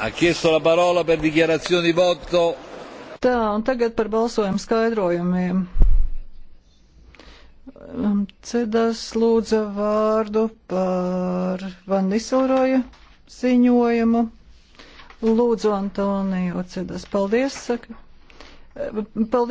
Ha chiesto la parola per dichiarazioni di voto. Tā, un tagad par balsojumu skaidrojumiem. Um, Cedas lūdza vārdu par Van Niselroja ziņojumu. Lūdzu, Antoniju Cedas, paldies, saka. Paldies.